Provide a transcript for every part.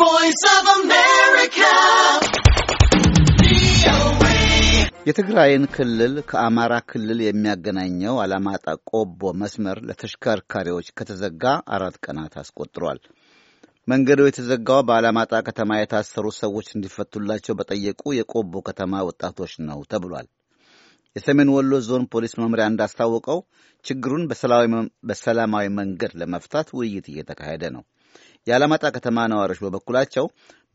voice of America. የትግራይን ክልል ከአማራ ክልል የሚያገናኘው አላማጣ ቆቦ መስመር ለተሽከርካሪዎች ከተዘጋ አራት ቀናት አስቆጥሯል። መንገዱ የተዘጋው በአላማጣ ከተማ የታሰሩ ሰዎች እንዲፈቱላቸው በጠየቁ የቆቦ ከተማ ወጣቶች ነው ተብሏል። የሰሜን ወሎ ዞን ፖሊስ መምሪያ እንዳስታወቀው ችግሩን በሰላማዊ መንገድ ለመፍታት ውይይት እየተካሄደ ነው። የአላማጣ ከተማ ነዋሪዎች በበኩላቸው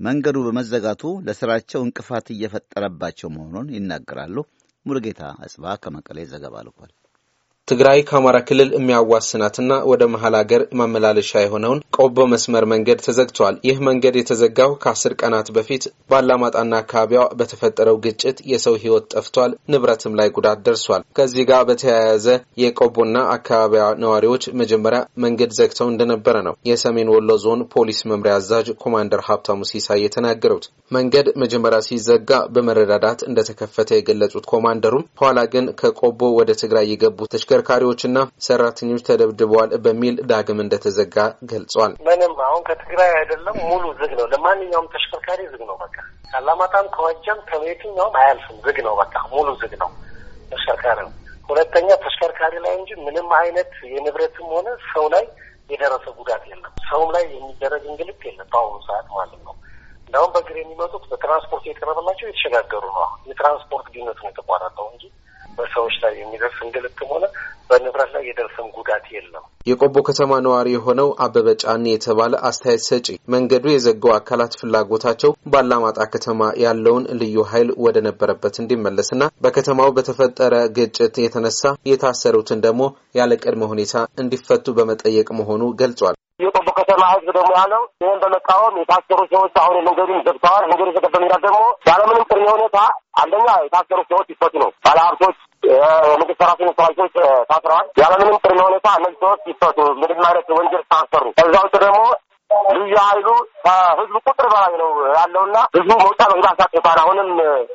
መንገዱ በመዘጋቱ ለስራቸው እንቅፋት እየፈጠረባቸው መሆኑን ይናገራሉ። ሙልጌታ አጽባ ከመቀሌ ዘገባ ልኳል። ትግራይ ከአማራ ክልል የሚያዋስናትና ወደ መሀል ሀገር ማመላለሻ የሆነውን ቆቦ መስመር መንገድ ተዘግቷል። ይህ መንገድ የተዘጋው ከአስር ቀናት በፊት ባላማጣና አካባቢዋ በተፈጠረው ግጭት የሰው ሕይወት ጠፍቷል፣ ንብረትም ላይ ጉዳት ደርሷል። ከዚህ ጋር በተያያዘ የቆቦና አካባቢዋ ነዋሪዎች መጀመሪያ መንገድ ዘግተው እንደነበረ ነው የሰሜን ወሎ ዞን ፖሊስ መምሪያ አዛዥ ኮማንደር ሀብታሙ ሲሳይ የተናገሩት። መንገድ መጀመሪያ ሲዘጋ በመረዳዳት እንደተከፈተ የገለጹት ኮማንደሩም ኋላ ግን ከቆቦ ወደ ትግራይ የገቡ ተሽከ ተሽከርካሪዎችና ሰራተኞች ተደብድበዋል በሚል ዳግም እንደተዘጋ ገልጿል። ምንም አሁን ከትግራይ አይደለም ሙሉ ዝግ ነው። ለማንኛውም ተሽከርካሪ ዝግ ነው። በቃ ካላማጣም፣ ከወጀም ከየትኛውም አያልፍም። ዝግ ነው። በቃ ሙሉ ዝግ ነው ተሽከርካሪ ሁለተኛ ተሽከርካሪ ላይ እንጂ ምንም አይነት የንብረትም ሆነ ሰው ላይ የደረሰ ጉዳት የለም። ሰውም ላይ የሚደረግ እንግልት የለም በአሁኑ ሰዓት ማለት ነው። እንዳሁም በእግር የሚመጡት በትራንስፖርት እየቀረበላቸው የተሸጋገሩ ነው። የትራንስፖርት ግንኙነት ነው የተቋረጠው እንጂ በሰዎች ላይ የሚደርስ እንግልትም ሆነ በንብረት ላይ የደርስም ጉዳት የለም። የቆቦ ከተማ ነዋሪ የሆነው አበበ ጫኔ የተባለ አስተያየት ሰጪ መንገዱ የዘጋው አካላት ፍላጎታቸው ባላማጣ ከተማ ያለውን ልዩ ኃይል ወደ ነበረበት እንዲመለስና በከተማው በተፈጠረ ግጭት የተነሳ የታሰሩትን ደግሞ ያለ ቅድመ ሁኔታ እንዲፈቱ በመጠየቅ መሆኑ ገልጿል። የቆቦ ከተማ ህዝብ ደግሞ ያለው ይህን በመቃወም የታሰሩ ሰዎች አሁን መንገዱን ዘግተዋል። መንገዱ የተገበ ደግሞ ያለምንም ቅድመ ሁኔታ አንደኛ የታሰሩ ሰዎች ይፈቱ ነው። ባለሀብቶች፣ የመንግስት ሰራተኞች፣ ሰራቶች ታስረዋል። ያለምንም ቅድመ ሁኔታ እነዚህ ሰዎች ይፈቱ። ምንም አይነት ወንጀል ሳሰሩ ከዛ ውጭ ደግሞ ልዩ ሀይሉ ከህዝብ ቁጥር ተባባሪ ነው ያለውና ብዙ መውጣት መንገድ አሳጥቷል። አሁንም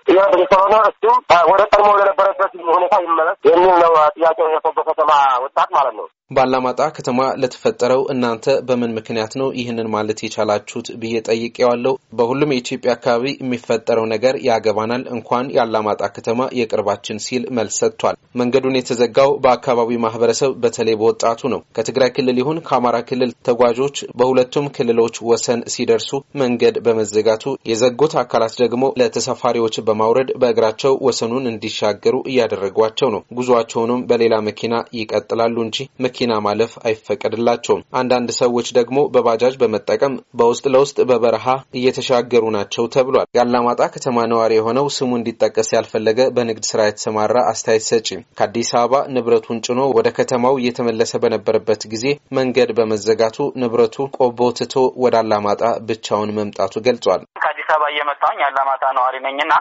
ጥያቄ ስለሆነ እሱም ወደ ቀድሞ ወደነበረበት ሁኔታ ይመለስ የሚል ነው ጥያቄ የሶዶ ከተማ ወጣት ማለት ነው። ባላማጣ ከተማ ለተፈጠረው እናንተ በምን ምክንያት ነው ይህንን ማለት የቻላችሁት ብዬ ጠይቄዋለሁ። በሁሉም የኢትዮጵያ አካባቢ የሚፈጠረው ነገር ያገባናል፣ እንኳን የአላማጣ ከተማ የቅርባችን ሲል መልስ ሰጥቷል። መንገዱን የተዘጋው በአካባቢው ማህበረሰብ በተለይ በወጣቱ ነው። ከትግራይ ክልል ይሁን ከአማራ ክልል ተጓዦች በሁለቱም ክልሎች ወሰን ሲደርሱ መንገድ መንገድ በመዘጋቱ የዘጉት አካላት ደግሞ ለተሳፋሪዎች በማውረድ በእግራቸው ወሰኑን እንዲሻገሩ እያደረጓቸው ነው። ጉዟቸውንም በሌላ መኪና ይቀጥላሉ እንጂ መኪና ማለፍ አይፈቀድላቸውም። አንዳንድ ሰዎች ደግሞ በባጃጅ በመጠቀም በውስጥ ለውስጥ በበረሃ እየተሻገሩ ናቸው ተብሏል። የአላማጣ ከተማ ነዋሪ የሆነው ስሙ እንዲጠቀስ ያልፈለገ በንግድ ስራ የተሰማራ አስተያየት ሰጪ ከአዲስ አበባ ንብረቱን ጭኖ ወደ ከተማው እየተመለሰ በነበረበት ጊዜ መንገድ በመዘጋቱ ንብረቱ ቆቦ ትቶ ወደ አላማጣ ብቻውን መምጣት መነሳቱ ገልጿል። ከአዲስ አበባ እየመጣሁኝ አላማጣ ነዋሪ ነኝና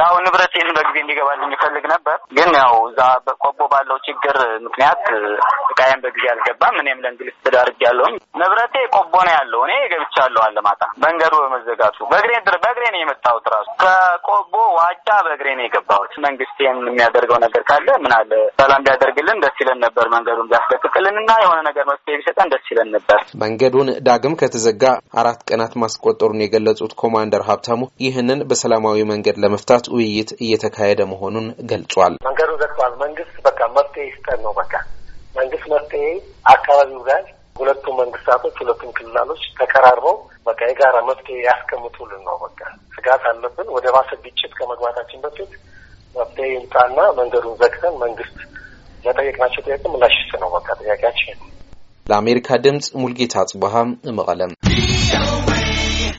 ያው ንብረቴን በጊዜ እንዲገባልኝ ይፈልግ ነበር። ግን ያው እዛ በቆቦ ባለው ችግር ምክንያት እቃዬን በጊዜ አልገባም። እኔም ለእንግሊዝ ተዳርጌ ያለሁኝ ንብረቴ ቆቦ ነው ያለው። እኔ ገብቻለሁ አላማጣ መንገዱ በመዘ የተዘጋጁ በእግሬ ድር ነው የመጣሁት። ራሱ ከቆቦ ዋጫ በግሬን ነው መንግስት ይህን የሚያደርገው ነገር ካለ ምን አለ ሰላም ቢያደርግልን ደስ ይለን ነበር። መንገዱን ቢያስለቅቅልን እና የሆነ ነገር መፍትሄ ቢሰጠን ደስ ይለን ነበር። መንገዱን ዳግም ከተዘጋ አራት ቀናት ማስቆጠሩን የገለጹት ኮማንደር ሀብታሙ ይህንን በሰላማዊ መንገድ ለመፍታት ውይይት እየተካሄደ መሆኑን ገልጿል። መንገዱ ዘግቷል። መንግስት በቃ መፍትሄ ይስጠን ነው በቃ መንግስት መፍትሄ አካባቢው ጋር ሁለቱም መንግስታቶች ሁለቱም ክልላሎች ተቀራርበው በቃ የጋራ መፍትሄ ያስቀምጡልን ነው። በቃ ስጋት አለብን ወደ ባሰ ግጭት ከመግባታችን በፊት መፍትሄ ይምጣና መንገዱን ዘግተን መንግስት ለጠየቅናቸው ጥያቄ ምላሽስ ነው። በቃ ጥያቄያችን። ለአሜሪካ ድምጽ ሙልጌታ አጽበሃ መቀለም